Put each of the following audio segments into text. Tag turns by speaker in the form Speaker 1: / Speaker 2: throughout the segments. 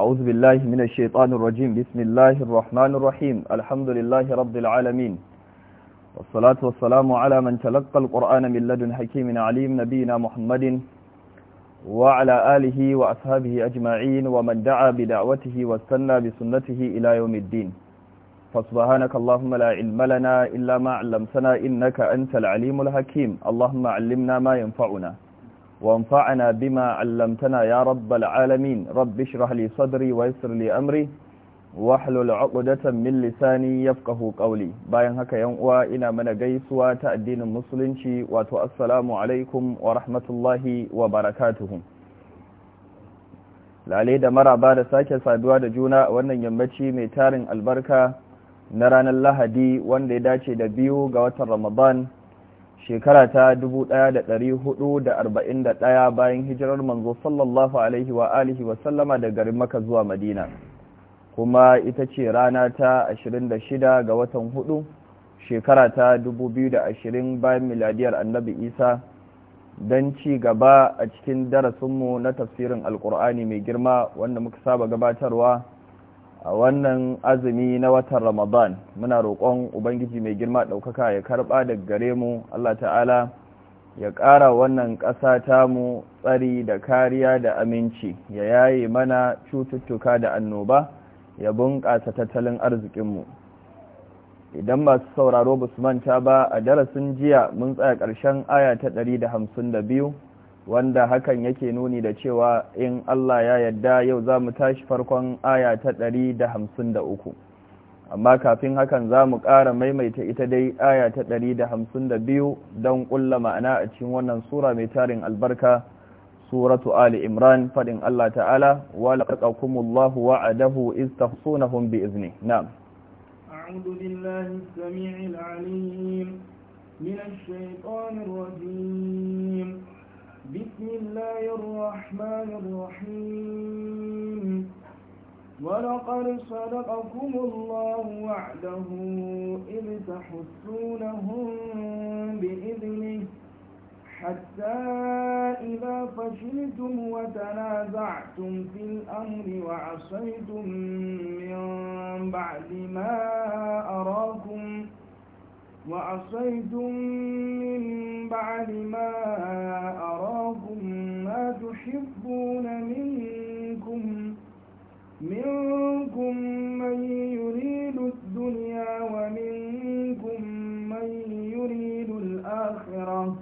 Speaker 1: أعوذ بالله من الشيطان الرجيم بسم الله الرحمن الرحيم الحمد لله رب العالمين والصلاة والسلام على من تلقى القرآن من لدن حكيم عليم نبينا محمد وعلى آله وأصحابه أجمعين ومن دعا بدعوته واستنى بسنته إلى يوم الدين فسبحانك اللهم لا علم لنا إلا ما علمتنا إنك أنت العليم الحكيم اللهم علمنا ما ينفعنا وانفعنا بما علمتنا يا رب العالمين رب اشرح لي صدري ويسر لي أمري wahlul uqdatan min lisani yafqahu qawli bayan haka yan uwa ina mana gaisuwa ta addinin musulunci wato assalamu alaikum wa rahmatullahi wa barakatuh lalai da maraba da sake saduwa da juna wannan yammaci mai tarin albarka na ranar Lahadi wanda ya dace da biyu ga watan Ramadan shekara ta 1441 bayan hijirar manzo sallallahu alaihi wa alihi wa sallama da garin maka zuwa madina kuma ita ce rana ta ashirin da shida ga watan hudu shekara ta ashirin bayan miladiyar annabi isa don ci gaba a cikin darasinmu na tafsirin alkur'ani mai girma wanda muka saba gabatarwa a wannan azumi na watan ramadan muna roƙon ubangiji mai girma ɗaukaka ya karɓa daga gare mu allah ta'ala ya ƙara wannan ƙasa mu tsari da kariya da aminci ya yaye mana cututtuka da annoba ya bunƙasa tattalin arzikinmu idan masu sauraro ba su manta ba a darasin jiya mun tsaya ƙarshen aya ta ɗari da da biyu. wanda hakan yake nuni da cewa in Allah ya yadda yau za mu tashi farkon aya ta ɗari da hamsin da uku amma kafin hakan za mu ƙara maimaita ita dai aya ta ɗari da hamsin da biyu don ƙulla ma'ana a cikin wannan sura mai tarin albarka suratu ali imran faɗin Allah ta'ala wa laqakumullahu wa'adahu iz tahsunahum bi izni na'am
Speaker 2: a'udhu billahi as-sami'il 'alim min ash-shaytanir rajim بسم الله الرحمن الرحيم ولقد صدقكم الله وعده إذ تحسونهم بإذنه حتى إذا فشلتم وتنازعتم في الأمر وعصيتم من بعد ما أراكم وعصيتم من بعد ما أراكم يحبون منكم منكم من يريد الدنيا ومنكم من يريد الآخرة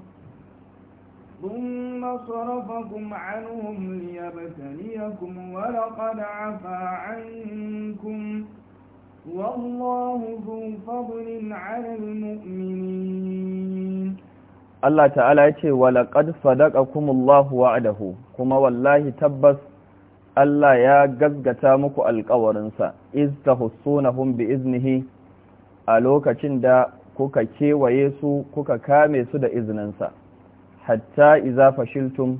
Speaker 2: ثم صرفكم عنهم ليبتليكم ولقد عفا عنكم والله ذو فضل على المؤمنين
Speaker 1: Allah ta'ala ya ce walaƙad sadaƙakumullahu wa'adahu kuma wallahi tabbas Allah ya gaggata muku alƙawarinsa iz bi iznihi a lokacin da kuka kewaye su kuka kame su da izininsa hatta iza fashiltum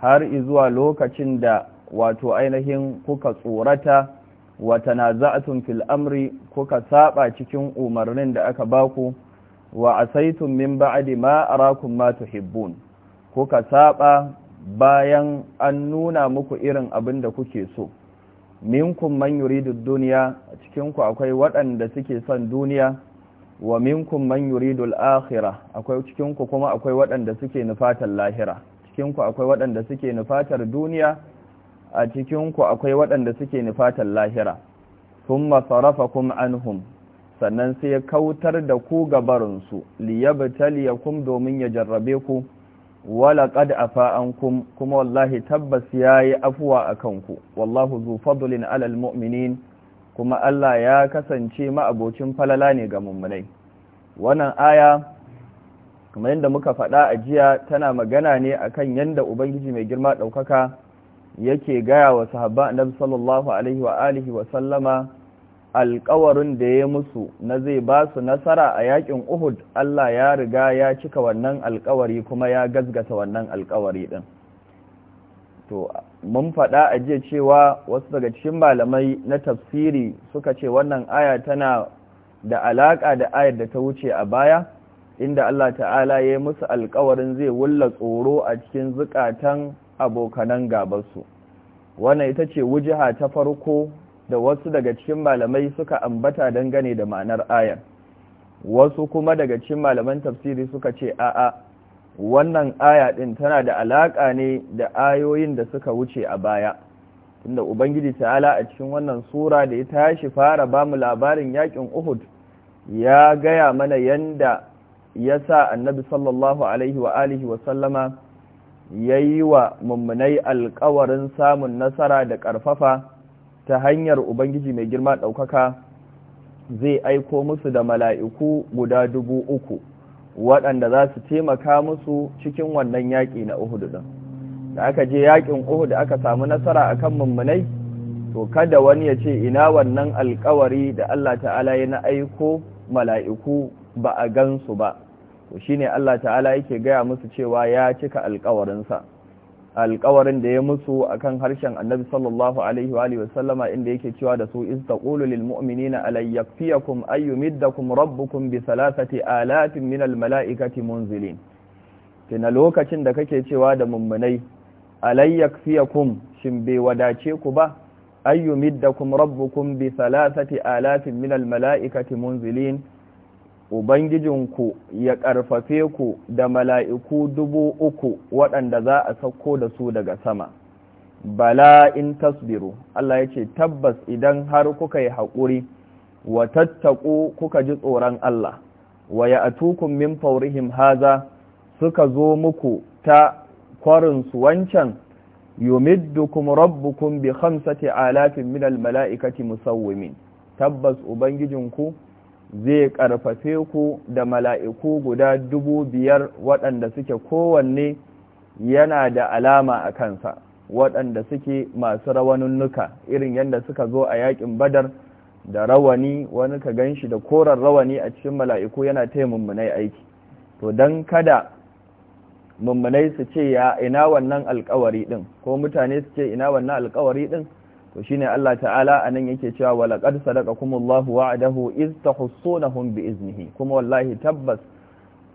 Speaker 1: har izuwa lokacin da wato ainihin kuka tsorata wa tanaza'tum fil amri kuka saba cikin umarnin da aka baku ku wa asaitum min ba'di ma arakum ma tuhibbun kuka saba bayan an nuna muku irin abin da kuke so minkum man yuridu dunya cikin ku akwai waɗanda suke son duniya wa minkum man yuridu al-akhirah akwai cikin ku kuma akwai waɗanda suke nufatar lahira cikin ku akwai waɗanda suke nufatar duniya a cikin ku akwai waɗanda suke nufatar lahira thumma sarafakum anhum sannan sai ya kautar da ku gabarinsu kum domin ya jarrabe ku wala kad afa kum kuma wallahi tabbas ya yayi afuwa akan ku wallahu zu fadlin alal mu'minin kuma Allah ya kasance ma'abocin falala ne ga mummunai wannan aya kamar yadda muka faɗa a jiya tana magana ne akan yadda ubangiji mai girma ɗaukaka yake gaya wa sahabba annabi sallallahu alaihi wa alihi wa sallama alkawarin da ya musu na zai ba su nasara a yakin Uhud Allah ya riga ya cika wannan alkawari kuma ya gazgata wannan alkawari din to mun faɗa a jiya cewa wasu daga cikin malamai na tafsiri suka ce wannan aya tana da alaƙa da ayar da ta wuce a baya inda Allah ta'ala ya yi musu alkawarin zai wulla tsoro a cikin zukatan abokanan gabansu wannan ita ce wujiha ta farko da wasu daga cikin malamai suka ambata dangane da ma'anar ayar wasu kuma daga cikin malaman tafsiri suka ce a'a wannan aya din tana da alaka ne da ayoyin da suka wuce a baya tunda ubangiji ta'ala a cikin wannan sura da ya tashi fara ba mu labarin yakin Uhud ya gaya mana yanda ya sa annabi sallallahu alaihi wa alihi wa sallama yayi wa mummunai alƙawarin samun nasara da karfafa. ta hanyar ubangiji mai girma ɗaukaka zai aiko musu da mala'iku guda dubu uku waɗanda za su taimaka musu cikin wannan yaƙi na uhudu ɗin da aka je yaƙin uhudu aka samu nasara a kan mummunai to kada wani ya ce ina wannan alkawari da Allah ta'ala ya na aiko mala'iku ba a gansu ba to shine Allah ta'ala yake gaya musu cewa ya cika alkawarinsa alƙawarin da ya musu akan harshen annabi sallallahu alaihi wa alihi wasallama inda yake cewa da su iz taqulu lil mu'minina alay yakfiyakum ay yumiddakum rabbukum bi thalathati alatin min al mala'ikati munzilin kina lokacin da kake cewa da mummunai alay yakfiyakum shin bai wadace ku ba ay yumiddakum rabbukum bi thalathati alatin min al mala'ikati munzilin Ubangijinku ya ƙarfafe ku da mala'iku dubu uku waɗanda za a sauko da su daga sama. Bala in tasbiru, Allah ya ce, tabbas idan har kuka yi haƙuri, wa tattaku kuka ji tsoron Allah, wa ya atukun min faurihim haza suka zo muku ta kwarin su wancan, yumiddukum rabbukum bi khamsati alafin minal mala'ikati musawwimin. Tabbas Ubangijinku, zai karfafe ku da mala'iku guda dubu biyar waɗanda suke kowanne yana da alama a kansa waɗanda suke masu rawanunnuka irin yadda suka zo a yaƙin badar da rawani wani ka gan shi da koren rawani a cikin mala'iku yana taimun mummunai aiki to don kada mummunai su ce ya ina wannan alkawari ɗin ko mutane su ce ina wannan alkawari ɗin to shine Allah ta'ala anan yake cewa walaqad sadaqakumullahu wa'adahu iz tahussunahum biiznihi kuma wallahi tabbas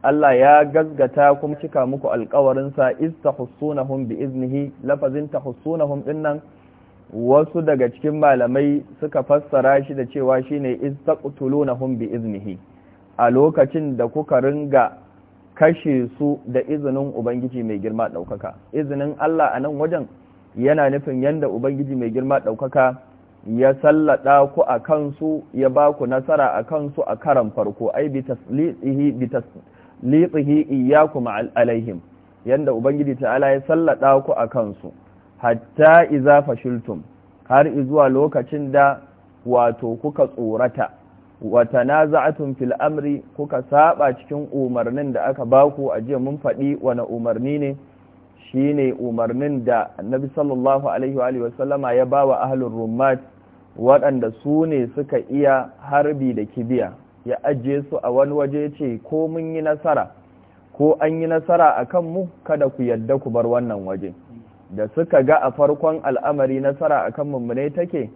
Speaker 1: Allah ya gazgata kuma cika muku alƙawarin sa iz tahussunahum biiznihi lafazin tahussunahum dinnan wasu daga cikin malamai suka fassara shi da cewa shine iz taqtulunahum biiznihi a lokacin da kuka ringa kashe su da izinin ubangiji mai girma daukaka izinin Allah anan wajen yana nufin yanda ubangiji mai girma ɗaukaka ya sallada ku a kansu ya ba ku nasara a kansu a karan farko ai bi tasliqihi iyyakum alaihim yanda ubangiji ta'ala ya sallada ku a kansu hatta iza fashiltum har izuwa lokacin da wato kuka tsorata wa tanaza'atum fil amri kuka saba cikin umarnin da aka baku a jiya mun faɗi wani umarni ne shine umarnin da annabi sallallahu alaihi wa alihi ya bawa ahalin rummat waɗanda su ne suka iya harbi da kibiya ya ajiye su a wani waje ce ko mun yi nasara ko an yi nasara a kanmu kada ku yadda ku bar wannan waje da suka ga a farkon al'amari nasara a kan mummune take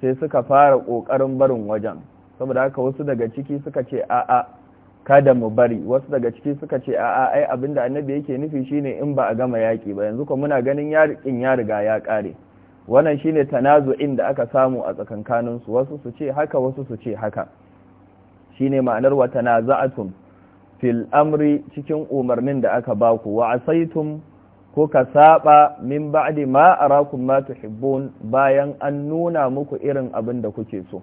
Speaker 1: sai suka fara ƙoƙarin barin wajen saboda haka wasu daga ciki suka ce a'a kada mu bari wasu daga ciki suka ce a'a ai abinda annabi yake nufi shine in ba a gama yaki ba yanzu kuma muna ganin yakin ya riga ya kare wannan shine tanazu'in da aka samu a tsakankanin su wasu su ce haka wasu su ce haka shine ma'anar wa tanaza'atum fil amri cikin umarnin da aka baku wa asaitum ko ka saba min ba'di ma arakum ma tuhibbun bayan an nuna muku irin abin da kuke so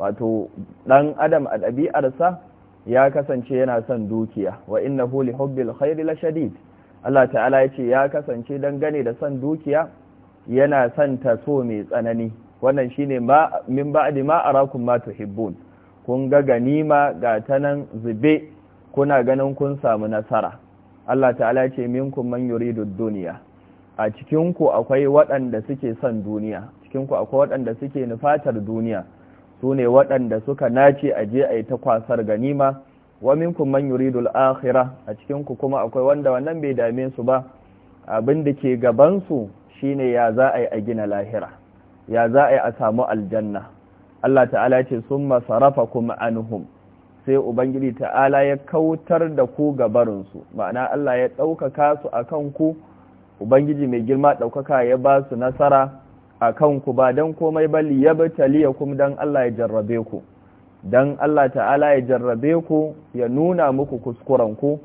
Speaker 1: wato dan adam a ɗabi'arsa ya kasance yana son dukiya wa na li hubbil khairi lashadid Allah ta'ala yace ya kasance gane da son dukiya yana son ta so mai tsanani wannan shine ma min ba'di ma arakum ma tuhibbun kun ga ganima ga tanan zube kuna ganin kun samu nasara Allah ta'ala yace minkum man yuridu dunya a cikin ku akwai waɗanda suke son duniya cikin ku akwai waɗanda suke nufatar duniya su ne waɗanda suka nace a je a yi ta kwasar ganima wa minkum man yuridu al a cikin ku kuma akwai wanda wannan bai dame su ba abin da ke gaban su shine ya za a yi a gina lahira ya za a yi a samu aljanna Allah ta'ala ce summa sarafakum anhum sai ubangiji ta'ala ya kautar da ku gabarin su ma'ana Allah ya ɗaukaka su akan ku ubangiji mai girma ɗaukaka ya ba su nasara a kanku ba don komai ba kuma don Allah ya jarrabe ku don Allah ta'ala ya jarrabe ku ya nuna muku kuskuren ku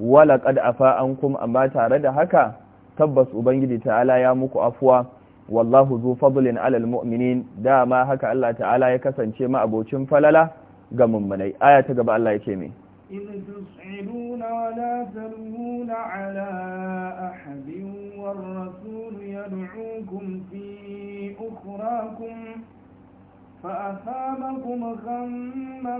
Speaker 1: wala qad an kuma amma tare da haka tabbas ubangiji ta'ala ya muku afuwa wallahu zu fadlin alal mu'minin dama haka Allah ta'ala ya kasance ma abocin falala ga mummunai aya ta gaba Allah ce me
Speaker 2: in wa la talmuna ala ahadin والرسول يدعوكم في أخراكم فأثابكم غما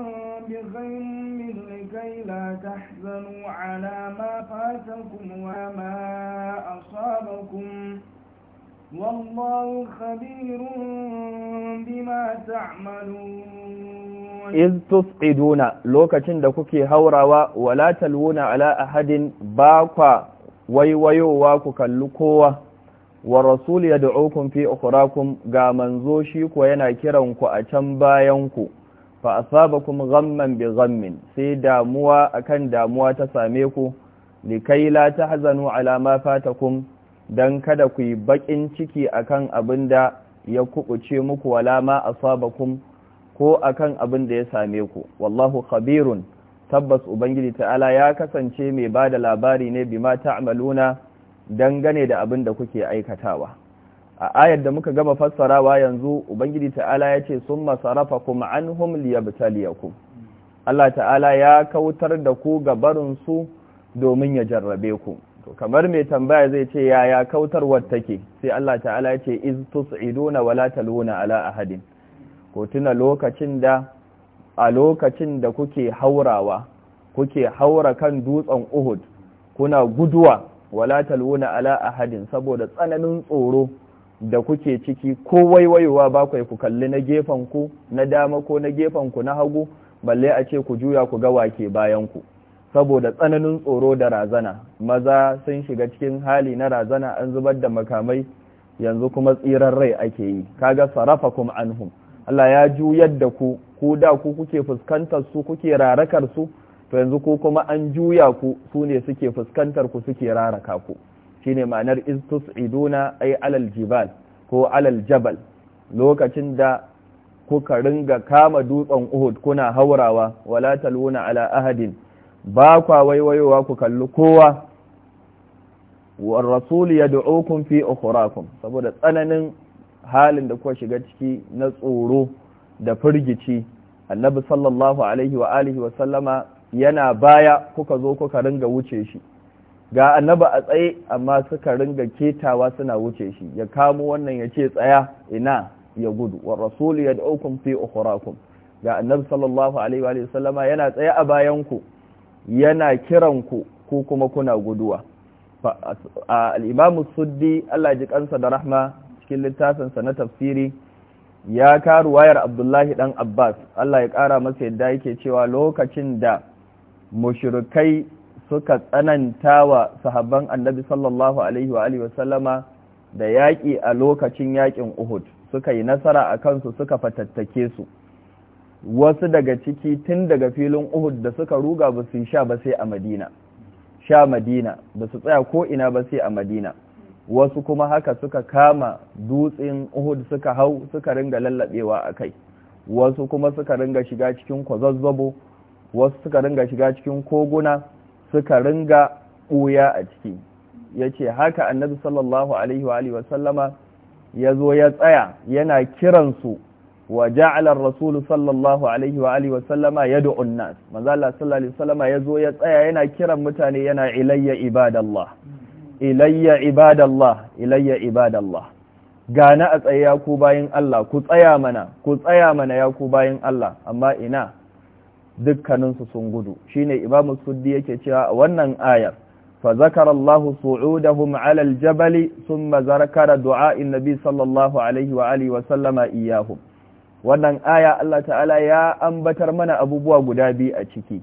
Speaker 2: بغم لكي لا تحزنوا على ما فاتكم وما أصابكم والله خبير بما تعملون إذ
Speaker 1: تصعدون لوكة دكوكي هوروا ولا تلوون على أحد باقوا waiwayowa ku kalli kowa wa rasul ya da'ukum fi ukurakun ga manzo shi ko yana kiran ku a can bayan ku fa kuma gamman bi gammin sai damuwa akan damuwa ta same ku likai la hazanu alama fata kun dan kada ku yi bakin ciki akan da ya kubuce muku a saba kun ko akan abin da ya same ku wallahu khabirun tabbas ubangiji ta'ala ya kasance mai ba da labari ne bima amaluna dangane da abin da kuke aikatawa a ayar da muka gama fassarawa yanzu ubangiji ta'ala ya ce sun masarafa kuma an anhum ku Allah ta'ala ya kautar da ku ga domin ya jarrabe ku kamar mai tambaya zai ce ya yaya kautarwar take sai Allah ta'ala ya ce iz tus'iduna wala taluna ala ahadin ko tuna lokacin da a lokacin da kuke haurawa kuke haura kan dutsen Uhud kuna guduwa wala talwuna ala ahadin saboda tsananin tsoro da kuke ciki ko waiwayowa ba ku ku kalli na gefen ku na dama ko na gefen ku na hagu balle a ce ku juya ku ga wake bayan ku saboda tsananin tsoro da razana maza sun shiga cikin hali na razana an zubar da makamai yanzu kuma tsiran rai ake yi kaga sarafakum anhum Allah ya juyar da ku ko da ku kuke fuskantar su kuke rarakar su to yanzu ko kuma an juya ku su ne suke fuskantar ku suke raraka ku shine ma'anar istus iduna ay alal jibal ko alal jabal lokacin da kuka ringa kama dutsen Uhud kuna haurawa wala taluna ala ahadin ba kwa waiwayowa ku kalli kowa war rasul yad'ukum fi ukhrakum saboda tsananin halin da kuka shiga ciki na tsoro da firgici annabi sallallahu alaihi wa alihi wa sallama yana baya kuka zo kuka ringa wuce shi ga annabi a tsaye amma suka ringa ketawa suna wuce shi ya kamo wannan ya ce tsaya ina ya gudu wa rasulu ya daukun fi ukhrakum ga annabi sallallahu alaihi wa alihi wa sallama yana tsaye a bayan ku yana kiran ku ko kuma kuna guduwa al-imamu suddi Allah ji kansa da rahma cikin littafinsa na tafsiri ya karu wayar abdullahi dan abbas allah ya kara masa yadda yake cewa lokacin da mushrikai suka tsananta wa sahabban annabi sallallahu alaihi wa alihi da yaƙi a lokacin yaƙin uhud suka yi nasara a kansu suka fatattake su wasu daga ciki tun daga filin uhud da suka ruga ba su sha ba sai a madina sha madina ba su tsaya ko ina ba sai a madina wasu kuma haka suka kama dutsen uhud suka hau suka ringa lallabewa a kai wasu kuma suka ringa shiga cikin kwazazzabo wasu suka ringa shiga cikin koguna suka ringa ɓuya a ciki ya ce haka annabi sallallahu alaihi wa wasallama ya zo ya tsaya yana kiransu wa ja'alar rasulu sallallahu alaihi wa wasallama ya du'un nas manzala sallallahu alaihi wasallama ya zo ya tsaya yana kiran mutane yana ilayya ibadallah ilayya ibadallah ilayya ibadallah gana a tsaye ya ku bayin Allah ku tsaya mana ku tsaya mana ya ku bayin Allah amma ina dukkaninsu sun gudu shine imamu suddi yake cewa a wannan ayar fa zakara Allah su'udahum 'ala al-jabal thumma zakara du'a an-nabi sallallahu alaihi wa alihi wa sallama iyahum wannan aya Allah ta'ala ya ambatar mana abubuwa guda biyu a ciki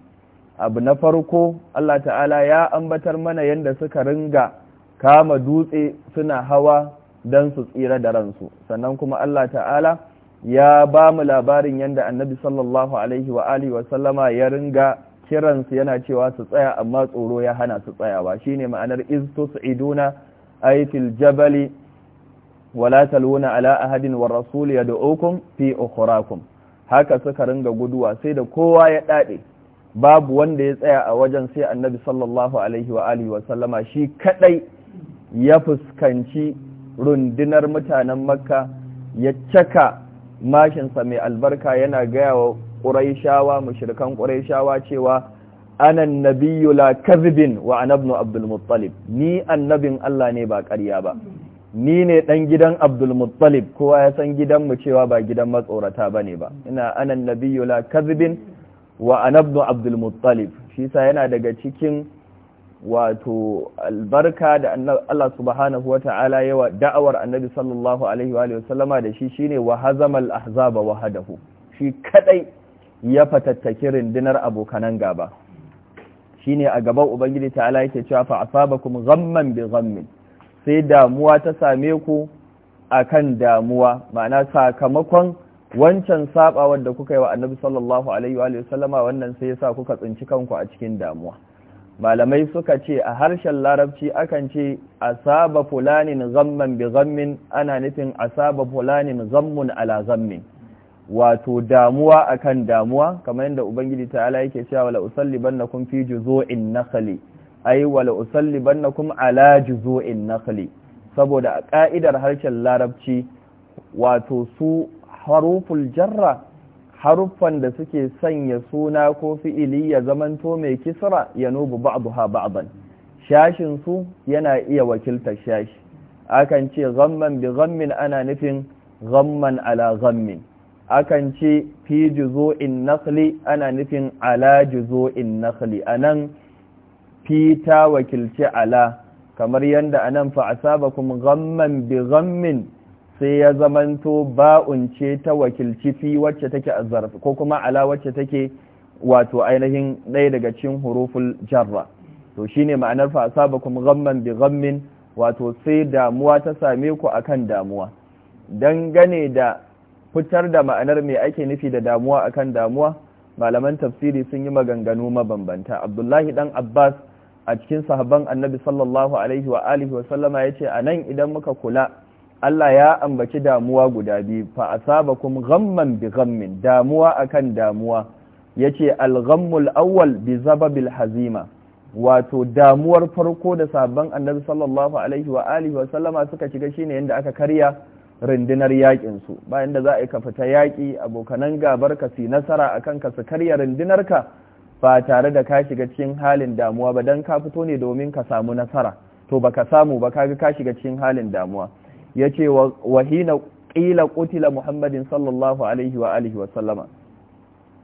Speaker 1: abu na farko Allah ta'ala ya ambatar mana yanda suka ringa kama dutse suna hawa don su tsira da ransu sannan kuma Allah ta'ala ya ba mu labarin yadda annabi sallallahu alaihi wa alihi wasallama ya ringa kiransu yana cewa su tsaya amma tsoro ya hana su tsayawa shine ma'anar istus'iduna ayatil jabali wala taluna ala ahadin war rasul yad'ukum fi ukhrakum haka suka ringa guduwa sai da kowa ya dade babu wanda ya tsaya a wajen sai annabi sallallahu alaihi wa alihi shi kadai ya fuskanci rundunar mutanen makka ya caka mashinsa mai albarka yana gaya wa ƙuraishawa mashirkan ƙuraishawa cewa anan nabiyu la kazibin wa anabnu abdulmuttalib ni annabin Allah ne ba ƙarya ba ni ne dan gidan abdul kowa ya san gidan mu cewa ba gidan matsorata ne ba ina anan nabiyu la kazibin wa anabnu abdulmuttalib shi sa yana daga cikin wato albarka da Allah subhanahu wa ta'ala yawa da'awar annabi sallallahu alaihi wa sallama da shi shine wa hazamal ahzaba wahadahu shi kadai ya fatattaki rindinar abokanan gaba shine a gaban ubangiji ta'ala yake cewa fa asabakum ghamman bi ghammin sai damuwa ta same ku akan damuwa ma'ana sakamakon wancan saba da kuka yi wa annabi sallallahu alaihi wa sallama wannan sai yasa kuka tsinci kanku a cikin damuwa malamai suka ce a harshen larabci akan ce asaba fulanin zamman bi zammin ana nufin asaba fulanin zammun ala zammin wato damuwa akan damuwa kamar yadda ubangiji ta'ala yake cewa wala usallibannakum fi juzu'in nakhli ay wala usallibannakum ala juzu'in nakhli saboda a ka'idar harshen larabci wato su haruful jarra haruffan da suke sanya suna ko fi'ili ya zamanto mai kisra ya nubu ba'duha ba'dan shashin su yana iya wakiltar shashi akan ce ghamman bi ghammin ana nufin ghamman ala ghammin akan ce fi in nakhli ana nufin ala in nakhli anan fi ta wakilci ala kamar yadda anan fa kuma ghamman bi ghammin sai ya zamanto ba'un ce ta wakilci fi wacce take azzarf ko kuma ala wacce take wato ainihin ɗaya daga cikin huruful jarra to shine ma'anar fa asabakum ghamman bi gammin wato sai damuwa ta same ku akan damuwa dangane da fitar da ma'anar mai ake nufi da damuwa akan damuwa malaman tafsiri sun yi maganganu mabambanta abdullahi dan abbas a cikin sahabban annabi sallallahu alaihi wa alihi wa sallama idan muka kula Allah ya ambaci damuwa guda biyu fa kum ghamman bi ghammin damuwa akan damuwa yace al-ghammul awwal bi zababil hazima wato damuwar farko da sabon annabi sallallahu alaihi wa alihi wa sallama suka shiga shine yanda aka karya rundunar yakin su bayan da za a yi ka fita yaki abokanan gabar ka su nasara akan ka su karya rundunar ka ba tare da ka shiga cikin halin damuwa ba dan ka fito ne domin ka samu nasara to baka samu ba kaga ka shiga cikin halin damuwa yace wa wahina ƙila ƙutila muhammadin sallallahu alaihi wa alihi wa sallama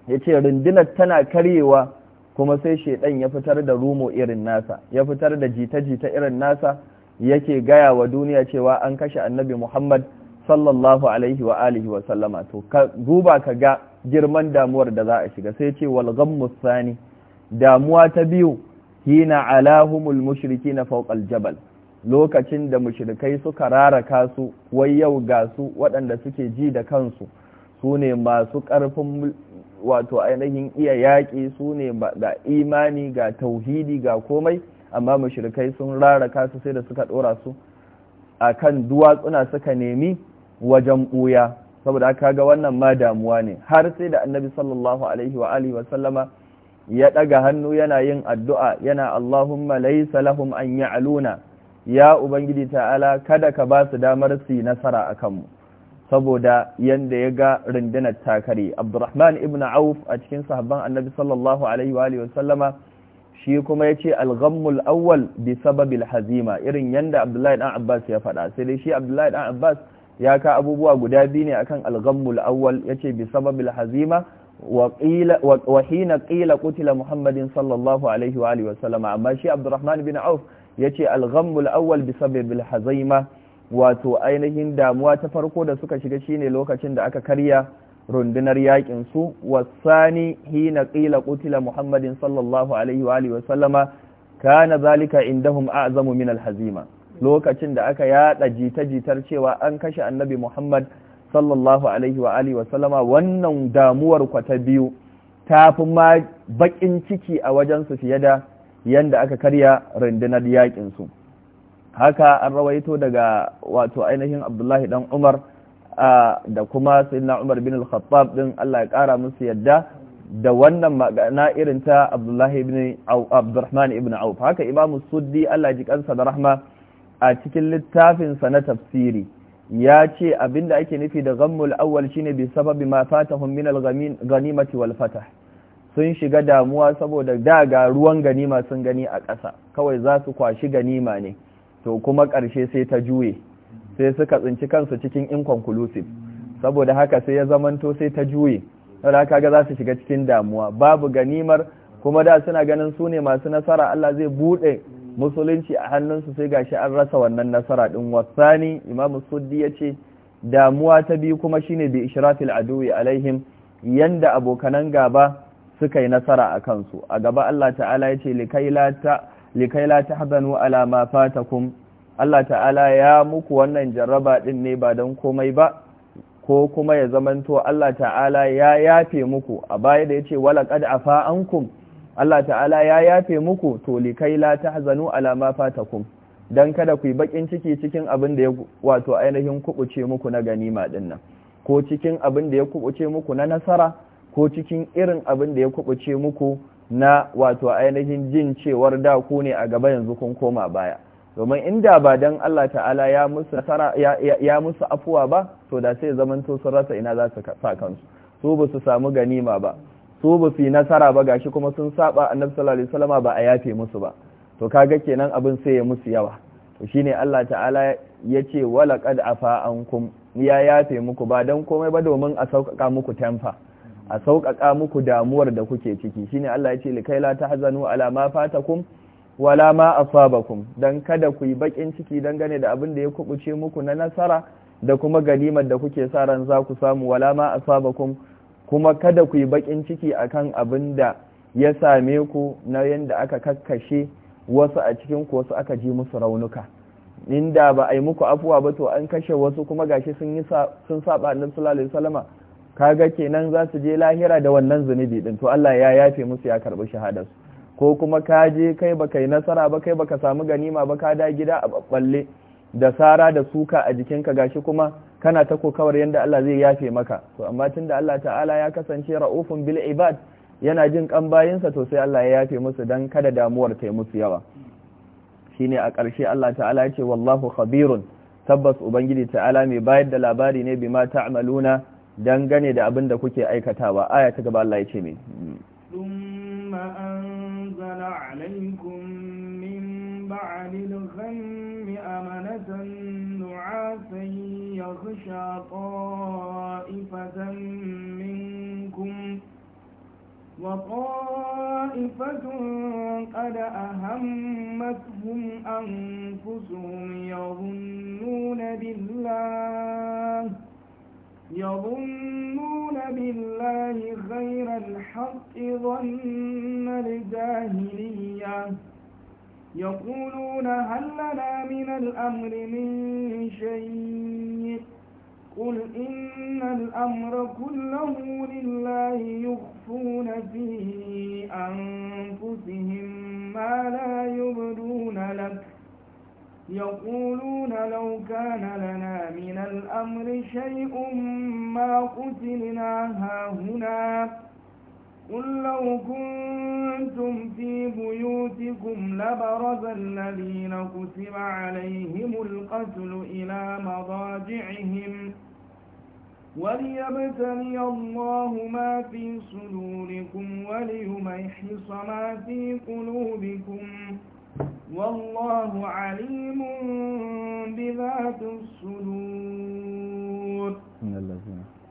Speaker 1: yace rundunar tana karyewa kuma sai shaidan ya fitar da rumo irin nasa ya fitar da jita-jita irin nasa yake gaya wa duniya cewa an kashe annabi muhammad sallallahu alaihi wa alihi wa sallama to ka duba ka ga girman damuwar da za a shiga sai ce walgan musani damuwa ta biyu hina alahumul mushrikina na fauƙal jabal lokacin da mushrikai suka raraka su wai yau ga su waɗanda suke ji da kansu su ne masu ƙarfin wato ainihin iya yaƙi su ne ga imani ga tauhidi ga komai amma mushrikai sun raraka su sai da suka ɗora su a kan duwatsuna suka nemi wajen ɓuya saboda kaga wannan ma damuwa ne har sai da annabi sallallahu alaihi wa alihi wa ya ɗaga hannu yana yin addu'a yana Allahumma laisa lahum an ya'luna ya ubangiji ta'ala kada ka ba su damar su nasara a kanmu saboda yadda ya ga rundunar takari abdurrahman ibn auf a cikin sahabban annabi sallallahu alaihi wa alihi shi kuma ya ce alghammul awwal bi sababil hazima irin yanda abdullahi ɗan abbas ya faɗa sai dai shi abdullahi ɗan abbas ya ka abubuwa guda biyu ne akan alghammul awwal yace bi sababil hazima wa hina muhammadin sallallahu alaihi wa alihi amma shi abdurrahman ibn auf yace ce ghammul awwal bi sababil hazaima wato ainihin damuwa ta farko da suka shiga shine lokacin da aka karya rundunar yakin su wasani hina qila qutila muhammadin sallallahu alaihi wa alihi wa sallama kana zalika indahum a'zamu min alhazima lokacin da aka yada jita-jitar cewa an kashe annabi muhammad sallallahu alaihi wa alihi wa sallama wannan damuwar kwata biyu ta fi ma bakin ciki a wajen su fiye da yanda aka karya rundunar yakin su haka an rawaito daga wato ainihin Abdullahi dan Umar da kuma sayyidina Umar bin al-Khattab din Allah ya kara musu yadda da wannan magana irin ta Abdullahi ibn Abdurrahman ibn Auf haka Imam Suddi Allah ji kansa da rahma a cikin littafin sa na tafsiri ya ce abinda ake nufi da ghammul awwal shine bi sababi ma fatahum min al-ghanimati wal fatah sun shiga damuwa saboda da ga ruwan ganima sun gani a ƙasa kawai za su kwashi ganima ne to kuma ƙarshe sai ta juye sai suka tsinci kansu cikin inconclusive saboda haka sai ya zamanto sai ta juye wadda haka ga za su shiga cikin damuwa babu ganimar kuma da suna ganin su ne masu nasara Allah zai buɗe musulunci a hannunsu sai gashi an rasa wannan nasara din wasani imam suddi ce, damuwa ta biyu kuma shine bi ishrafil aduwi alaihim yanda abokanan gaba suka yi nasara a kansu a gaba Allah ta'ala ya ce likai la tahzanu ala ma fatakum Allah ta'ala ya muku wannan jarraba din ne ba don komai ba ko kuma ya zamanto Allah ta'ala ya yafe muku a baya da yace wala qad afa ankum Allah ta'ala ya yafe muku to likai la tahzanu ala ma fatakum dan kada ku yi bakin ciki cikin abin da ya wato ainihin kubuce muku na ganima dinnan ko cikin abin da ya kubuce muku na nasara ko cikin irin abin da ya kubuce muku na wato ainihin jin cewar da ku ne a gaba yanzu kun koma baya domin inda ba dan Allah ta'ala ya musu ya, musu afuwa ba to da sai to sun rasa ina za su sa kansu su ba su samu ganima ba su ba su yi nasara ba gashi kuma sun saba annabi sallallahu alaihi wasallama ba a yafe musu ba to kaga kenan abin sai ya musu yawa to shine Allah ta'ala ya ce walaqad afa ankum ya yafe muku ba dan komai ba domin a sauƙaƙa muku tamfa a sauƙaƙa muku damuwar da kuke ciki shine Allah ya ce likaila hazanu ala ma fatakum wala ma asabakum dan kada ku yi bakin ciki dangane da abin da ya kubuce muku na nasara da kuma ganimar da kuke sa ran za ku samu wala ma asabakum kuma kada ku yi bakin ciki akan abin da ya same ku na yanda aka kakkashe wasu a cikin ku wasu aka ji musu raunuka inda ba a yi muku afuwa ba to an kashe wasu kuma gashi sun yi sun saba annabi sallallahu alaihi wasallama kaga kenan za su je lahira da wannan zunubi din to Allah ya yafe musu ya karbi shahadarsu ko kuma ka je kai baka yi nasara ba kai baka samu ganima ba ka da gida a babballe da sara da suka a jikin ka gashi kuma kana ta kokawar yanda Allah zai yafe maka to amma tunda Allah ta'ala ya kasance raufun bil ibad yana jin kan bayinsa to sai Allah ya yafe musu dan kada damuwar ta musu yawa shine a ƙarshe Allah ta'ala ya ce wallahu khabirun tabbas ubangiji ta'ala mai bayar da labari ne bima ta'maluna dangane da abin da kuke aikatawa aya ta gaba Allah ya ce ne
Speaker 2: thumma anzala alaykum min ba'di al-ghammi amanatan nu'asan yaghsha qa'ifatan minkum وطائفة قد أهمتهم أنفسهم يظنون بالله يظنون بالله غير الحق ظن الجاهلية يقولون هل لنا من الأمر من شيء قل إن الأمر كله لله يخفون في أنفسهم ما لا يبدون لك يقولون لو كان لنا من الأمر شيء ما قتلنا هاهنا قل لو كنتم في بيوتكم لبرز الذين كتب عليهم القتل إلى مضاجعهم وليبتلي الله ما في صدوركم وليميحص ما في قلوبكم ۖ والله عليم بذات الصدور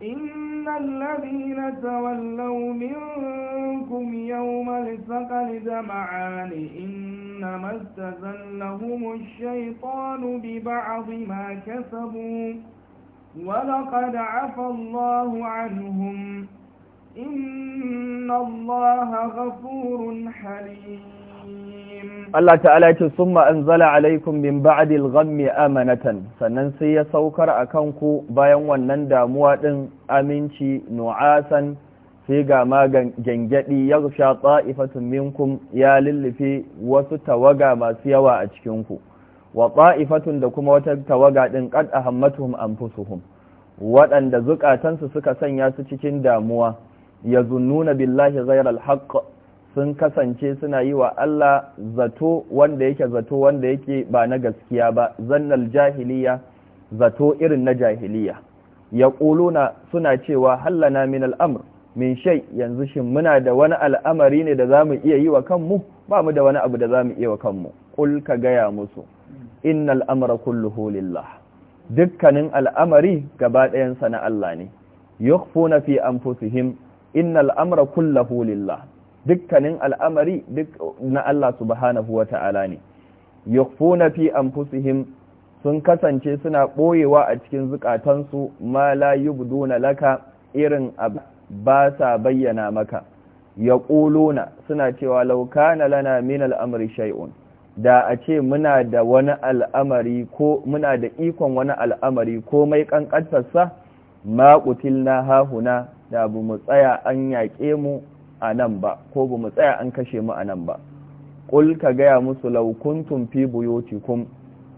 Speaker 2: إن الذين تولوا منكم يوم التقى الجمعان إنما استزلهم الشيطان ببعض ما كسبوا ولقد عفى الله عنهم إن الله غفور حليم Allah
Speaker 1: ta'ala ce sun ma'anzala alaikum min ba'dil ghammi amanatan sannan sai ya saukar a kanku bayan wannan damuwa ɗin aminci nu'asan sai ga magan ya yaghsha ta'ifatun minkum ya lullufe wasu tawaga masu yawa a cikinku, wa ta'ifatun da kuma wata tawaga din qad ahammatuhum anfusuhum waɗanda zukatansu suka sanya su cikin damuwa yazunnuna billahi ghayra sun kasance suna yi wa Allah zato wanda yake zato wanda yake ba na gaskiya ba zannal jahiliya zato irin na jahiliya ya ƙuluna suna cewa hallana min al'amur min shai yanzu shi muna da wani al'amari ne da za mu iya yi wa kanmu ba mu da wani abu da za mu iya wa kanmu ƙul ka gaya musu in al'amura kullu hulillah. dukkanin al'amari gaba ɗayansa na Allah ne yukfuna fi anfusihim innal al'amura kullu lillah dukkanin al'amari duk na Allah subhanahu wa ta'ala ne yakfuna fi anfusihim sun kasance suna ɓoyewa a cikin zukatansu ma la yubduna laka irin ba sa bayyana maka yaquluna suna cewa lauka kana lana min al'amri shay'un da a ce muna da wani al'amari da ikon wani al'amari ko mai kankantarsa ma qutilna hahuna da bu mu tsaya an yaƙe mu a nan ba ko ba mu tsaya an kashe mu a nan ba ƙul ka gaya musu laukuntun fi buyotikum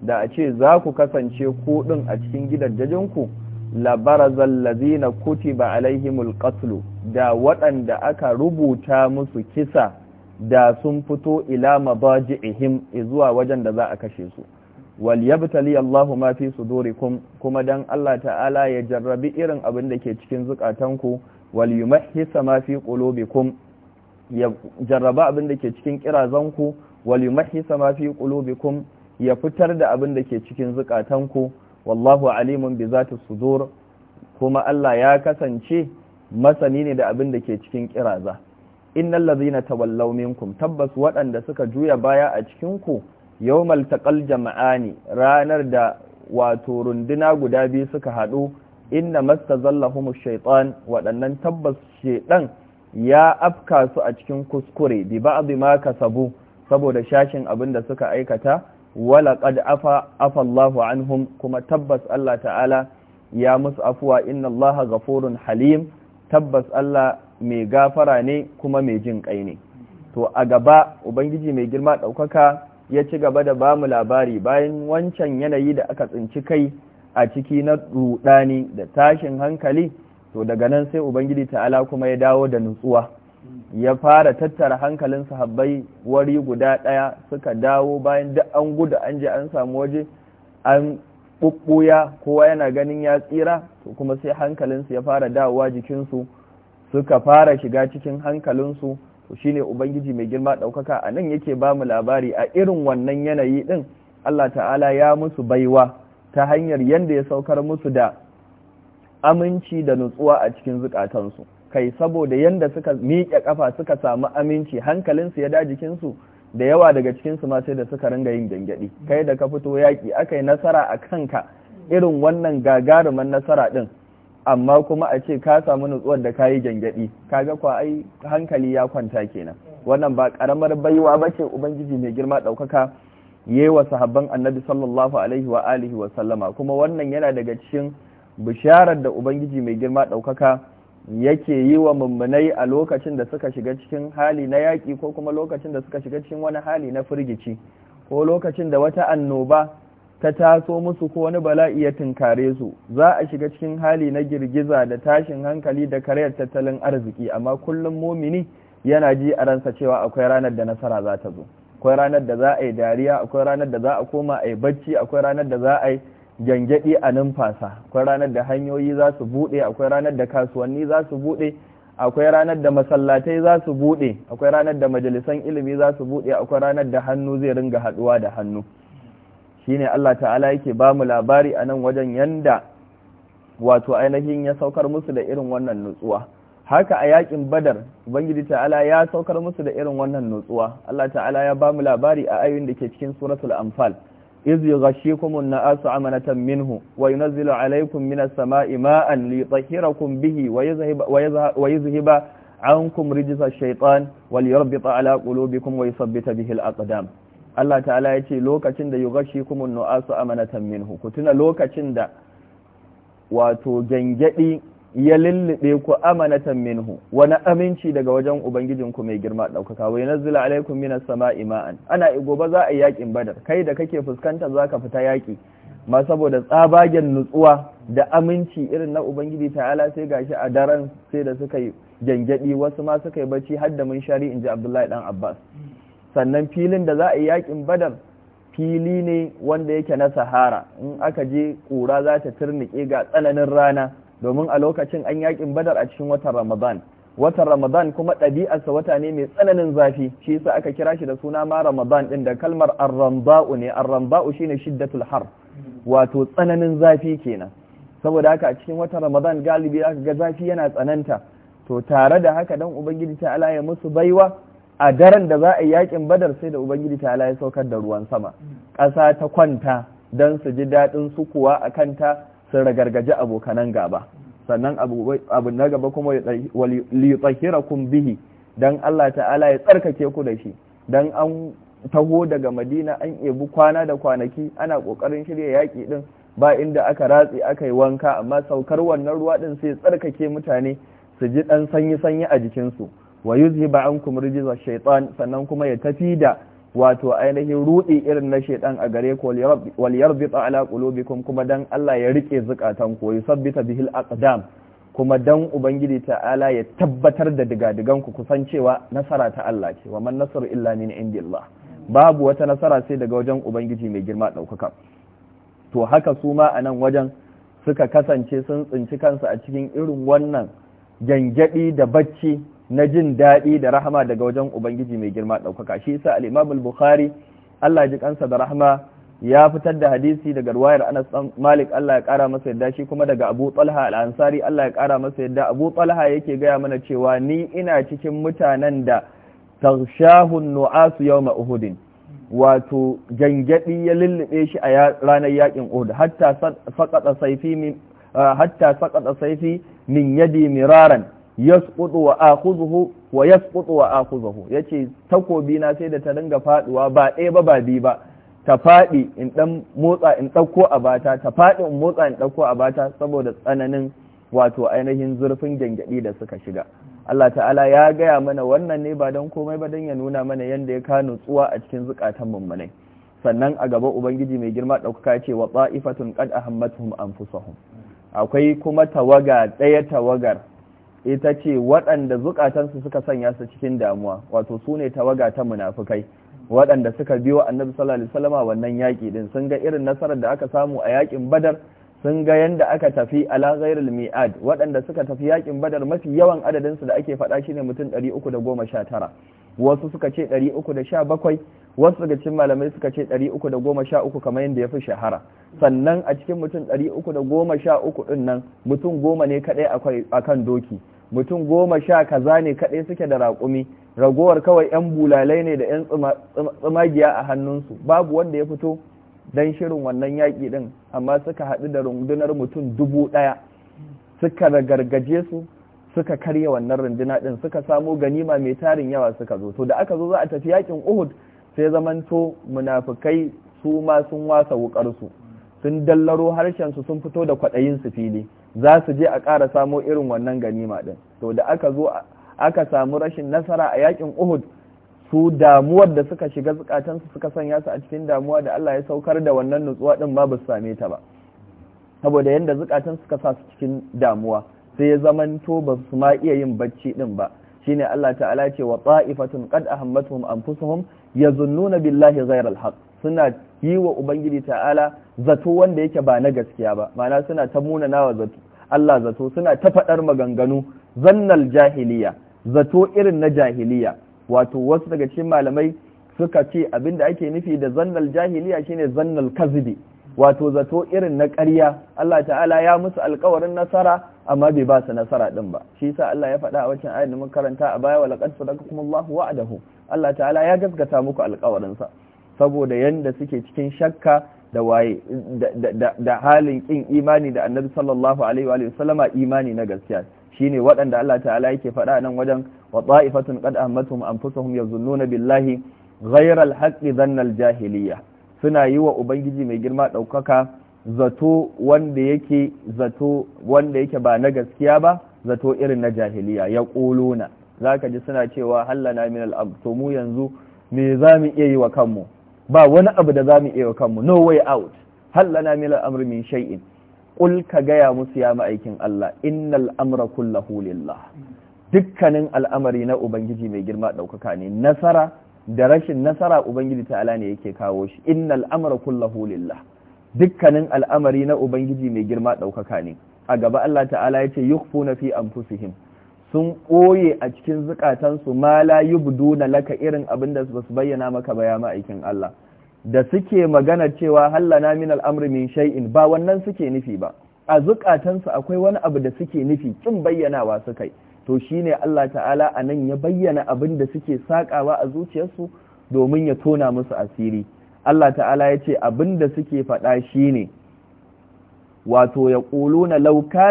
Speaker 1: da a ce za ku kasance kuɗin a cikin zallazi na lazina kutiba alaihimul qatlu da waɗanda aka rubuta musu kisa da sun fito ila mabaji'ihim zuwa wajen da za a kashe su wal yabtali Allahu ma fi sudurikum kuma dan Allah ta'ala ya jarrabi irin abin da ke cikin zukatanku wal yumahhisa ma fi qulubikum ya jarraba abin da ke cikin kirazanku wal yumahhisa ma fi qulubikum ya fitar da abin da ke cikin zukatanku wallahu alimun bi zati sudur kuma Allah ya kasance masani ne da abin da ke cikin kiraza innal ladhina tawallaw minkum tabbas waɗanda suka juya baya a cikin ku yawmal taqal jama'ani ranar da wato runduna guda biyu suka haɗu inna mastazallahumu shaitan waɗannan tabbas shaiɗan ya afka su a cikin kuskure bi ba'd ma kasabu saboda shashin abin da suka aikata wala qad afa afa Allahu anhum kuma tabbas Allah ta'ala ya musu afuwa inna Allaha ghafurun halim tabbas Allah mai gafara ne kuma mai jin kai ne to a gaba ubangiji mai girma daukaka ya ci gaba da bamu labari bayan wancan yanayi da aka tsinci kai a ciki na rudani da tashin hankali to daga nan sai ubangiji ta'ala kuma ya dawo da nutsuwa ya fara tattara hankalin sahabbai wari guda daya suka dawo bayan duk an gudu an je an samu waje an bubbuya kowa yana ganin ya tsira to kuma sai hankalinsu ya fara dawowa jikinsu suka fara shiga cikin hankalinsu to shine ubangiji mai girma daukaka anan yake ba mu labari a irin wannan yanayi din Allah ta'ala ya musu baiwa ta hanyar yadda ya saukar musu da aminci da nutsuwa a cikin zukatansu kai saboda yadda suka miƙe ƙafa suka samu aminci hankalinsu ya da jikinsu da yawa daga cikinsu ma sai da suka ringa yin gyangyaɗi kai da ka fito yaƙi aka yi nasara a kanka irin wannan gagaruman nasara ɗin amma kuma a ce ka samu nutsuwar da ka yi gyangyaɗi kaga kwa ai hankali ya kwanta kenan wannan ba ƙaramar baiwa ba ce ubangiji mai girma ɗaukaka yayi wa sahabban annabi sallallahu alaihi wa alihi wa sallama kuma wannan yana daga cikin bisharar da ubangiji mai girma daukaka yake yi wa mummunai a lokacin da suka shiga cikin hali na yaƙi ko kuma lokacin da suka shiga cikin wani hali na firgici ko lokacin da wata annoba ta taso musu ko wani bala'i ya tunkare su za a shiga cikin hali na girgiza da tashin hankali da karyar tattalin arziki amma kullum mumini yana ji a ransa cewa akwai ranar da nasara za ta zo akwai ranar da za a yi dariya akwai ranar da za a koma a yi bacci akwai ranar da za a yi gyangyaɗi a numfasa akwai ranar da hanyoyi za su buɗe akwai ranar da kasuwanni za su buɗe akwai ranar da masallatai za su buɗe akwai ranar da majalisan ilimi za su buɗe akwai ranar da hannu zai ringa haɗuwa da hannu Shi ne Allah ta'ala yake ba mu labari a nan wajen yanda wato ainihin ya saukar musu da irin wannan nutsuwa haka a yakin badar ubangiji ta'ala ya saukar musu da irin wannan nutsuwa Allah ta'ala ya bamu labari a ayoyin da ke cikin suratul anfal iz yughashikumun na'asu amanatan minhu wa yunazzilu alaykum minas sama'i ma'an liyutahhirakum bihi wa yuzhiba ankum rijza shaytan wa liyurbita ala qulubikum wa yuthabbita bihi al-aqdam Allah ta'ala ya ce lokacin da yughashikumun na'asu amanatan minhu ku tuna lokacin da wato gangadi ya lullube ku amanatan minhu wani aminci daga wajen ubangijinku mai girma ɗaukaka wai nazzila alaikum minas sama'i ma'an ana gobe za a yi yakin badar kai da kake fuskanta zaka fita yaki ma saboda tsabagen nutsuwa da aminci irin na ubangiji ta'ala sai gashi a daren sai da suka yi gyangyaɗi wasu ma suka yi bacci har da mun shari in ji abdullahi dan abbas sannan filin da za a yi yakin badar fili ne wanda yake na sahara in aka je ƙura za ta turnike ga tsananin rana domin a lokacin an yakin badar a cikin watan ramadan watan ramadan kuma ɗabi'arsa wata ne mai tsananin zafi shi yasa aka kira shi da suna ma ramadan din da kalmar arramba'u ne arramba'u shine shiddatul har wato tsananin zafi kenan saboda haka a cikin watan ramadan galibi aka ga zafi yana tsananta to tare da haka dan ubangiji ta ala ya musu baiwa a daren da za a yi yakin badar sai da ubangiji ta ala ya saukar da ruwan sama ƙasa ta kwanta don su ji daɗin sukuwa a kanta sun ragargaji abokanan gaba sannan abu na gaba kuma kun bihi Don Allah ta'ala ya tsarkake ku da shi Don an taho daga Madina an ebi kwana da kwanaki ana kokarin shirya yaƙi ɗin. ba inda aka ratsi aka yi wanka amma saukar wannan ruwa din sai tsarkake mutane su ji dan sanyi sanyi a jikin su wa yuzhiba ankum rijza shaytan sannan kuma ya tafi da wato ainihin rudi irin na shedan a gare ku wal yarbita ala qulubikum kuma dan Allah ya rike zukatan ku sabbita bihil aqdam kuma dan ubangiji ta'ala ya tabbatar da digadigan ku kusan cewa nasara ta Allah ce wa man nasru illa min indillah babu wata nasara sai daga wajen ubangiji mai girma daukaka to haka su ma anan wajen suka kasance sun tsinci kansu a cikin irin wannan gyangyaɗi da bacci na jin daɗi da rahama daga wajen ubangiji mai girma ɗaukaka shi yasa alimam al-bukhari Allah ji kansa da rahama ya fitar da hadisi daga ruwayar Anas dan Malik Allah ya kara masa yadda shi kuma daga Abu Talha al-Ansari Allah ya kara masa yadda Abu Talha yake gaya mana cewa ni ina cikin mutanen da tashahun nu'asu yawma Uhud wato jangadi ya lullube shi a ranar yakin Uhud hatta saqata sayfi min ah, hatta sayfi min yadi miraran yasqutu wa akhuzuhu wa yasqutu wa akhuzuhu yace takobi na sai da ta ringa faduwa ba ɗaya ba ba bi ba ta fadi in dan motsa in dauko a bata ta faɗi in motsa in ɗauko a bata saboda tsananin wato ainihin zurfin gangadi da suka shiga Allah ta'ala ya gaya mana wannan ne ba don komai ba don ya nuna mana yadda ya kano tsuwa a cikin zukatan mummunai sannan a gaba ubangiji mai girma ɗaukaka ce wa tsa'ifatun qad ahammatuhum anfusahum akwai kuma tawaga ɗaya tawagar ita ce waɗanda zukatansu suka sanya su cikin damuwa wato su ne tawaga ta munafukai waɗanda suka biyo annabi sallallahu alaihi wasallama wannan yaki din sun ga irin nasarar da aka samu a yakin badar sun ga yanda aka tafi ala ghairil mi'ad waɗanda suka tafi yakin badar mafi yawan adadin su da ake faɗa shine mutum 319 wasu suka ce 317 wasu daga cikin malamai suka ce 313 kamar yadda ya fi shahara sannan a cikin mutum 313 din nan mutum goma ne kadai akan doki mutum goma sha kaza ne kaɗai suke da raƙumi ragowar kawai 'yan bulalai ne da 'yan tsumagiya a hannunsu babu wanda ya fito don shirin wannan yaƙi ɗin amma suka haɗu da rundunar mutum dubu ɗaya suka ragargaje su suka karya wannan runduna ɗin suka samo ganima mai tarin yawa suka zo to da aka zo za a tafi yaƙin uhud sai zamanto munafukai su ma sun wasa wukarsu sun dallaro su sun fito da kwaɗayin su fili za su je a ƙara samo irin wannan ganima ɗin to da aka zo aka samu rashin nasara a yakin uhud su damuwar da suka shiga zukatansu suka sanya su a cikin damuwa da Allah ya saukar da wannan nutsuwa ɗin ba su same ta ba saboda yadda zukatan suka sa su cikin damuwa sai ya zamanto ba su ma iya yin bacci ɗin ba shine Allah ta'ala ce wa ta'ifatun qad ahammatuhum anfusuhum yazunnuna billahi ghayra alhaq suna yi wa ubangiji ta'ala zato wanda yake ba na gaskiya ba mana suna ta nawa zato Allah zato suna ta faɗar maganganu zannal jahiliya zato irin na jahiliya wato wasu daga cikin malamai suka ce abinda ake nufi da zannal jahiliya shine zannal kazibi wato zato irin na ƙarya Allah ta'ala ya musu alƙawarin nasara amma bai ba su nasara din ba shi yasa Allah ya faɗa a wancan ayat mun karanta a baya walaqad Allahu wa'adahu Allah ta'ala ya gaskata muku alƙawarin sa saboda yanda suke cikin shakka da halin kin imani da annabi sallallahu alaihi wa sallama imani na gaskiya shine waɗanda Allah ta'ala yake faɗa nan wajen wa ta'ifatun qad ahmatuhum anfusuhum yazunnuna billahi ghayra al-haqqi dhanna al-jahiliyya suna yi wa ubangiji mai girma ɗaukaka zato wanda yake zato wanda yake ba na gaskiya ba zato irin na jahiliya ya ƙolona zaka ji suna cewa hallana min al-abtumu yanzu me za mu iya yi wa kanmu ba wani abu da za mu iya kanmu no way out Hallana mil amri min shay'in qul ka gaya musu ya ma'aikin Allah innal amra kullahu lillah dukkanin al'amari na ubangiji mai girma daukaka ne nasara da rashin nasara ubangiji ta'ala ne yake kawo shi innal amra kullahu lillah dukkanin al'amari na ubangiji mai girma daukaka ne a gaba Allah ta'ala yace yukhfuna fi anfusihim sun ɓoye a cikin zukatansu ma la na laka irin abin da su bayyana maka ba ya ma'aikin Allah da suke magana cewa hallana min al'amri min shay'in ba wannan suke nufi ba a zukatansu akwai wani abu da suke nufi kin bayyanawa su kai to shine Allah ta'ala a nan ya bayyana abin da suke sakawa a zuciyarsu domin ya tona musu asiri Allah ta'ala ya ce abin da suke faɗa shine wato ya na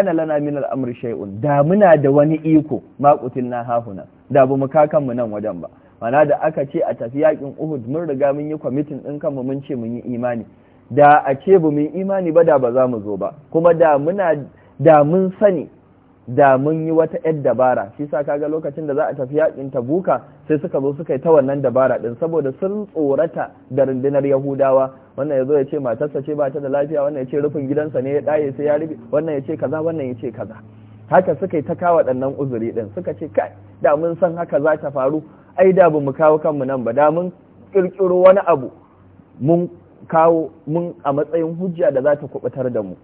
Speaker 1: na lana minar amur shai'un da muna da wani iko makutin na hahuna da bu mu nan wajen ba mana da aka ce a tafi yakin uhud mun riga mun yi kwamitin ɗin kanmu mun ce mun yi imani da a ce bu mun imani ba da ba za mu zo ba kuma da muna mun sani da mun yi wata ‘yar dabara shi sa kaga lokacin da za a tafi yakin tabuka sai suka zo suka yi ta wannan dabara ɗin saboda sun tsorata da rundunar yahudawa wannan ya zo ya ce matarsa ce ba ta da lafiya wannan ya ce rufin gidansa ne ya daye sai ya rufe wannan ya ce kaza wannan ya ce kaza haka suka yi ta kawo ɗannan uzuri ɗin suka ce kai da mun san haka za ta faru ai da ba mu kawo kanmu nan ba da mun ƙirƙiro wani abu mun kawo mun a matsayin hujja da za ta kubutar da mu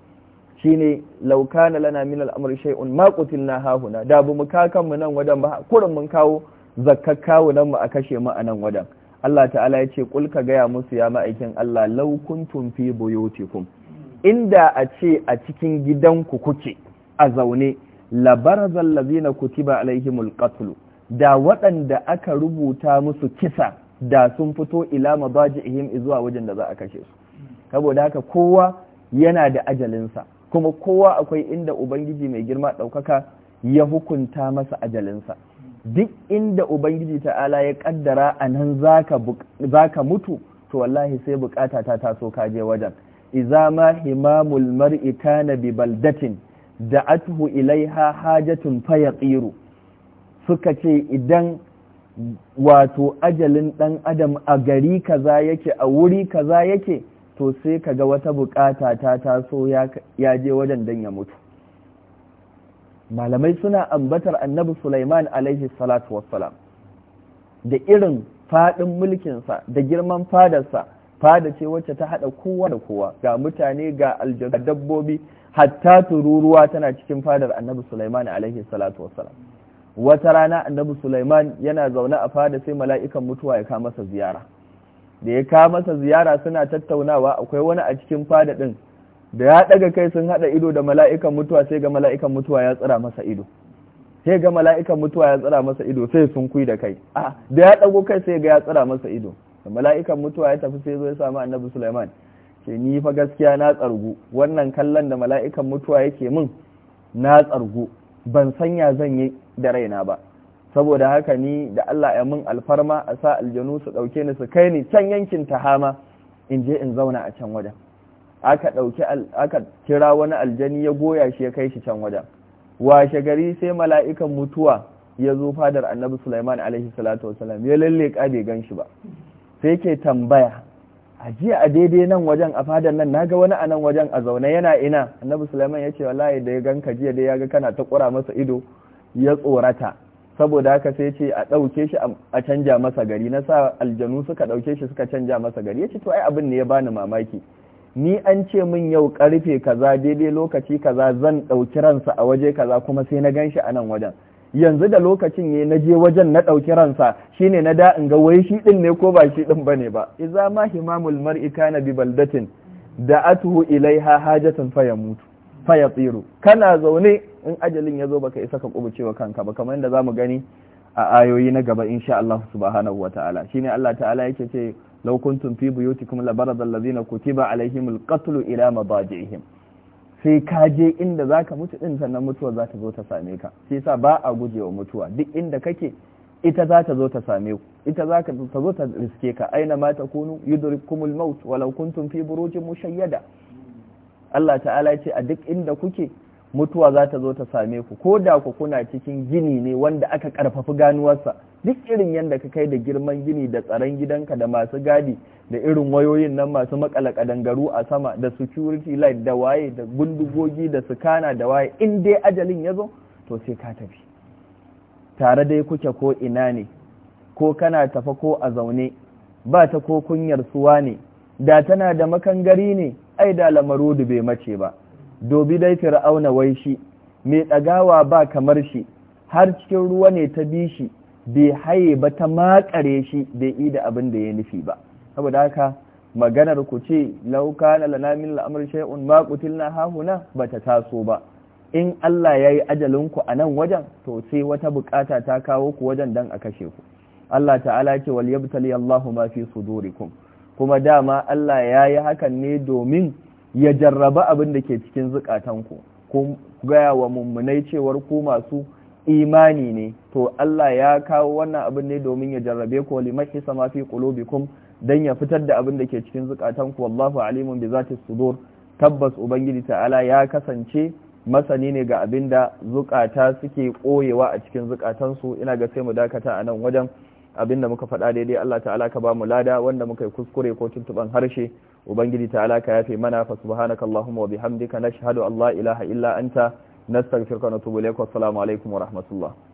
Speaker 1: shine laukana lana min al'amr shay'un ma qutilna hahuna da ba mu kawo kanmu nan wadan ba kurin mun kawo zakkakawo nan mu a kashe mu a nan wadan Allah ta'ala ya ce kul ka gaya musu ya ma'aikin Allah law kuntum fi buyutikum inda a ce a cikin gidanku kuke a zaune labarzal lazina kutiba alaihimul qatl da waɗanda aka rubuta musu kisa da sun fito ila mabajihim zuwa wajen da za a kashe su saboda haka kowa yana da ajalinsa kuma kowa akwai inda ubangiji mai girma ɗaukaka ya hukunta masa ajalinsa duk inda ubangiji ta'ala ya kaddara a nan za ka mutu to wallahi sai bukata ta taso kaje wajen iza ma himamul mar'i kana bi baldatin da'atuhu ilaiha hajatun tsiru, suka ce idan wato ajalin ɗan adam a gari kaza yake a wuri kaza yake to sai kaga wata bukata ta taso ya je wajen don ya mutu malamai suna ambatar annabi Sulaiman alaihi salatu wassalam da irin faɗin mulkinsa da girman fadarsa fada ce wacce ta haɗa kowa da kowa ga mutane ga aljanu dabbobi hatta tururuwa tana cikin fadar annabi Sulaiman alaihi salatu wassalam wata rana annabi Sulaiman yana zaune a fada sai mala'ikan mutuwa ya kama masa ziyara da ya kama masa ziyara suna tattaunawa akwai wani a cikin fada din da ya daga kai sun haɗa ido da mala'ikan mutuwa sai ga mala'ikan mutuwa ya tsira masa ido sai ga mala'ikan mutuwa ya tsira masa ido sai sun kui da kai a da ya dago kai sai ga ya tsira masa ido da mala'ikan mutuwa ya tafi sai zo ya samu annabi Sulaiman ke ni fa gaskiya na tsargu wannan kallon da mala'ikan mutuwa yake min na tsargu ban sanya zan yi da raina ba saboda haka ni da Allah ya min alfarma a sa aljanu su dauke ni su kai ni can yankin tahama in je in zauna a can wajen aka ɗauki aka kira wani aljani ya goya shi ya kai shi can wajen washe gari sai mala'ikan mutuwa ya zo fadar annabi Sulaiman alaihi salatu wasalam ya lalle bai gan shi ba sai ke tambaya a jiya a daidai nan wajen a fadar nan na naga wani a nan wajen a zaune yana ina annabi Sulaiman ya ce wallahi da ya gan ka jiya dai ya ga kana ta kura masa ido ya tsorata saboda haka sai ce a ɗauke shi a canja masa gari na sa aljanu suka ɗauke shi suka canja masa gari ya ce to ai abin ne ya bani mamaki ni an ce min yau karfe kaza daidai lokaci kaza zan ɗauki ransa a waje kaza kuma sai na ganshi a nan wajen yanzu da lokacin ne na je wajen na ɗauki ransa shine na da in ga wai shi ɗin ne ko ba shi ɗin bane ba iza ma himamul mar'i kana bi baldatin da atuhu ilaiha hajatan fa ya mutu fa ya tsiru kana zaune in ajalin ya zo baka isa ka kubucewa kanka ba kamar yadda zamu gani a ayoyi na gaba insha Allah subhanahu wataala shine Allah ta'ala yake ce law kuntum fi buyutikum la barada allazina kutiba alaihimul qatlu ila mabajihim sai ka je inda zaka mutu din sannan mutuwa za ta zo ta same ka sai ba a gujewa mutuwa duk inda kake ita za ta zo ta same ku ita za ta zo ta riske ka aina ma ta kunu yudrikumul maut walau kuntum fi burujin mushayyada Allah ta'ala ce a duk inda kuke mutuwa za ta zo ta same ku ko da ku kuna cikin gini ne wanda aka karfafi ganuwarsa duk irin yadda ka kai da girman gini da tsaron gidanka da masu gadi da irin wayoyin nan masu makala garu a sama da security light da waye da gundugogi da sukana da waye in dai ajalin ya zo to sai ka tafi tare dai kuke ko ina ne ko kana tafa ko a zaune ba ta ko kunyar suwa ne da tana da makangari ne ai da lamarudu bai mace ba dobi dai fir'auna wai shi mai ɗagawa ba kamar shi har cikin ruwa ne ta bi shi bai haye ba ta makare shi bai yi da abin da ya nufi ba saboda haka maganar ku ce lauka na lanamin la'amar shay'un ma na hahuna ba ta taso ba in Allah ya yi ajalinku a nan wajen to sai wata bukata ta kawo ku wajen dan a kashe ku Allah ta'ala ce wal yabtali Allahu ma fi sudurikum kuma dama Allah ya yi hakan ne domin ya jarraba abin da ke cikin zukatanku ku gaya wa mummunai cewar ku masu imani ne to Allah ya kawo wannan abin ne domin ya jarrabe ku limahi sama fi qulubikum dan ya fitar da abin da ke cikin zukatanku wallahu alimun bi zati sudur tabbas ubangiji ta'ala ya kasance masani ne ga abin da zukata suke koyewa a cikin zukatansu ina ga sai mu dakata a nan wajen abin da muka faɗa daidai Allah ta'ala ka ba mu lada wanda muka yi kuskure ko tuntuban harshe ubangiji ta'ala ka yafe mana fa subhanaka allahumma wa bihamdika nashhadu an la ilaha illa anta nastaghfiruka wa natubu ilayk wa assalamu alaikum wa rahmatullah